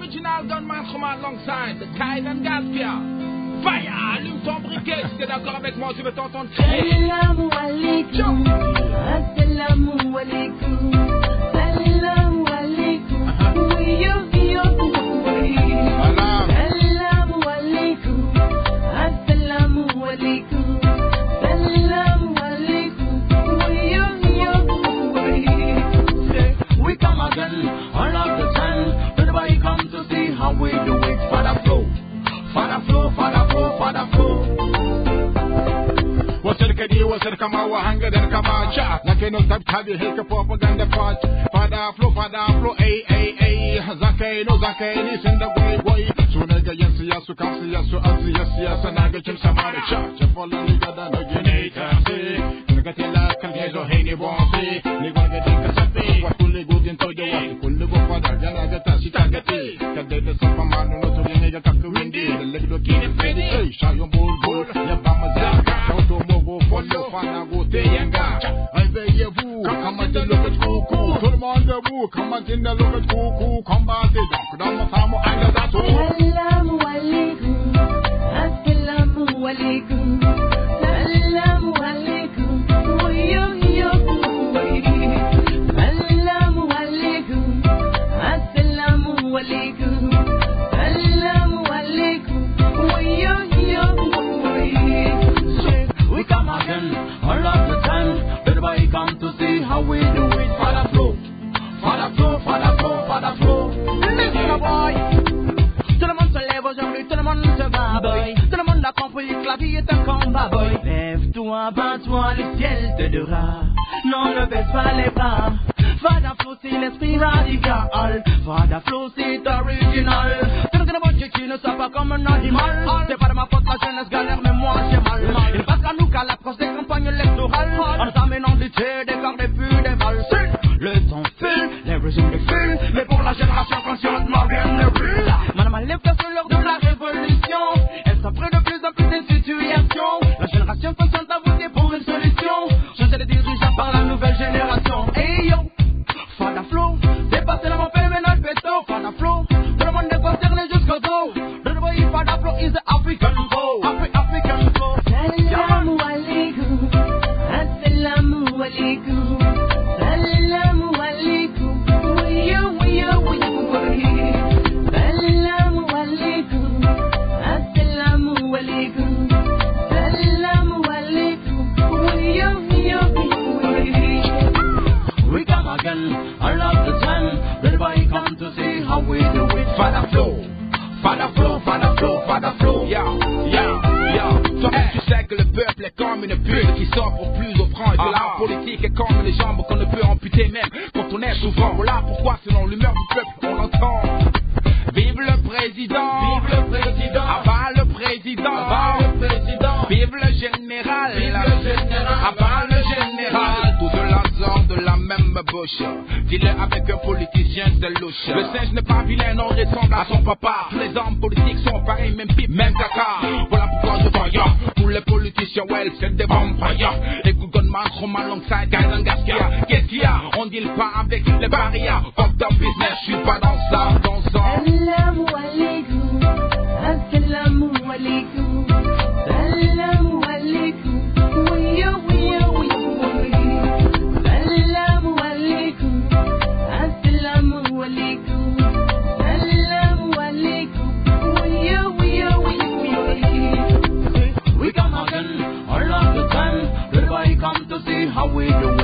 Original Gunman Roman alongside the and Gaspia. Fire, allume ton briquet, si t'es d'accord avec moi, tu veux t'entendre crier. Salam alaikum, salam alaikum. Father flow, Father flow, Father flow. وتلك دي وتلك ما وهنجر كما جاء لكن الزبط هذه هيك propaganda part فادا فلو فادا فلو اي اي اي زكينو زكيني سند بوي بوي سونجا يس يس كاس يس اس يس يس ناجا كم سمارة شا شفلا نجدا نجني تاسي نجتلا كل هيزو هيني بوسي نيجون جدي كسبي وكل جودين توجي وكل gjenga. Jeg woo, come kan man ikke lukke et ko-ko. Turmandevo, kan man ikke lukke et ko-ko. Kom bare til, dank, dam og tam og Tout le monde l'a compris, que la vie est un combat boy. Lève-toi, bats-toi, le ciel te donnera. Non, ne baisse pas les bras. d'un Flow, c'est l'esprit radical. Fada Flow, c'est original. C'est le bon que qui ne sois pas comme un animal. C'est pas de ma faute, la jeunesse galère, mais moi j'ai mal. Il passe la nuque à l'approche des campagnes électorales. En s'amenant du thé, des corps, des puits, des balles. Le temps file, les résultats défilent. Mais pour la génération consciente, ma vie ne brûle. Madame, toi sur le Flow, Flow, tu sais que le peuple est comme une bulle qui sort pour plus offrant et que la ah. politique est comme les jambes qu'on ne peut amputer même quand on est souvent. Voilà pourquoi selon l'humeur du peuple on entend Vive le président, vive le président. Ah, gauche. Dis-le avec un politicien de louche. Le singe n'est pas vilain, on ressemble à son papa. les hommes politiques sont pareils, même pipe, même caca. Voilà pourquoi je voyage. Tous les politiciens, ouais, c'est des vampires. Et gouvernement trop mal alongside Kaidan Gaskia. Qu'est-ce qu'il y On deal pas avec les barrières. Fuck the business, je suis pas dans ça, dans ça. highway to